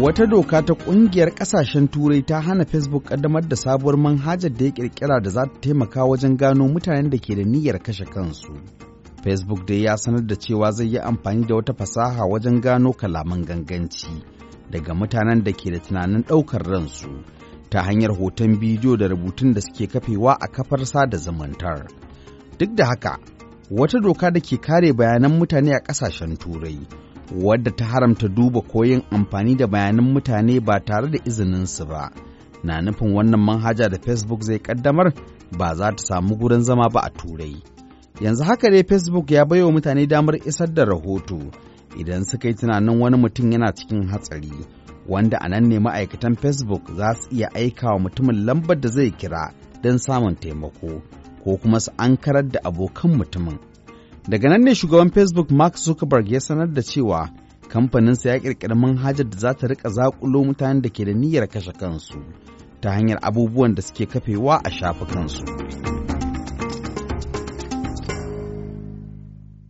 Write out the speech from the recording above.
Wata doka ta ƙungiyar ƙasashen Turai ta hana Facebook ƙaddamar da sabuwar manhajar da ya ƙirƙira da za ta taimaka wajen gano mutanen da ke da niyyar kashe kansu. Facebook dai ya sanar da cewa zai yi amfani da wata fasaha wajen gano kalaman ganganci daga mutanen da ke da tunanin ɗaukar ransu ta hanyar hoton bidiyo da rubutun da suke kafewa a kafar sada zumuntar. Duk da haka, wata doka da ke kare bayanan mutane a ƙasashen Turai wadda ta haramta duba koyin amfani da bayanan mutane ba tare da izinin su ba na nufin wannan manhaja da facebook zai kaddamar ba za ta samu gurin zama ba a turai yanzu haka dai facebook ya baiwa mutane damar isar da rahoto idan suka yi tunanin wani mutum yana cikin hatsari wanda a nan ne ma'aikatan facebook za su iya aika wa mutumin lambar da zai kira don samun taimako ko kuma su ankarar da abokan mutumin Daga nan ne shugaban Facebook Mark Zuckerberg ya sanar da cewa kamfaninsa ya ƙirƙiri manhajar da za ta riƙa zaƙulo mutanen da ke da niyyar kashe kansu ta hanyar abubuwan da suke kafewa a shafukansu.